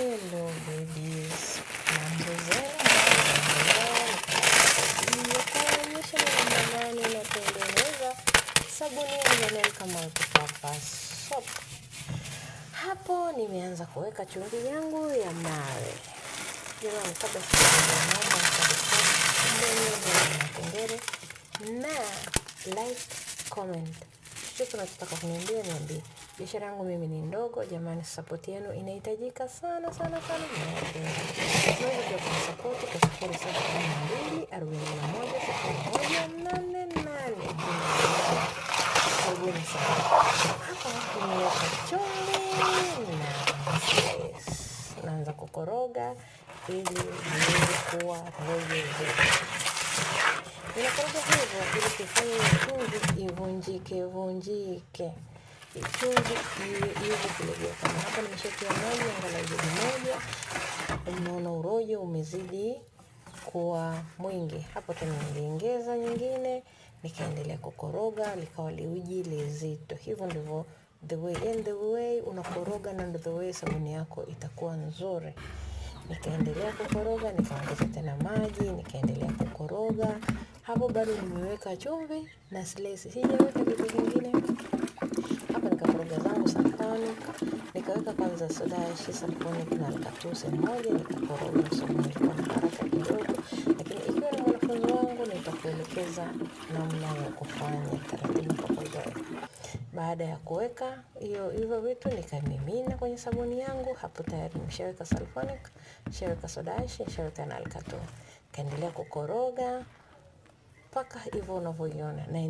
Hello babies, mambo zenu namna gani na sabuni ya Lancome multipurpose soap. Hapo nimeanza kuweka chumvi yangu ya mawe jamani, kabla sijaanza na kengele na like, comment chochote unachotaka kuniambia niambie. Biashara yangu mimi ni ndogo jamani, support yenu inahitajika sana sana sana. Naweza kunisupport kwa sifuri saba kumi na mbili arobaini na moja sifuri moja nane nane. Karibuni sana hapa, nimeweka chumvi na naanza kukoroga ili niweze kuwa rojo. Ninakoroga hivyo vunjike vunjike ichunge iwe hivi kulegea. Kama hapa nimeshatia maji angalau jigi moja, Unaona urojo umezidi kuwa mwingi. Hapo tena niliongeza nyingine, nikaendelea kukoroga likawa liuji lizito. Hivyo ndivyo the way and the way unakoroga na ndio the way sabuni yako itakuwa nzuri. Nikaendelea kukoroga, nikaongeza tena maji, nikaendelea kukoroga hapo bado nimeweka chumvi na silesi, sijaweka kitu kingine. Hapa nikakoroga zangu sampani, nikaweka kwanza soda ya shisha sampani na nikatuse moja, nikakoroga somo kwa haraka kidogo, lakini ikiwa ni mwanafunzi wangu nitakuelekeza namna ya kufanya taratibu pamoja. Baada ya kuweka hiyo hivyo vitu nikamimina kwenye sabuni yangu. Hapo tayari nimeshaweka sulfonic, nimeshaweka soda ash, nimeshaweka na alkato. Kaendelea kukoroga mpaka hivyo unavyoiona naendelea.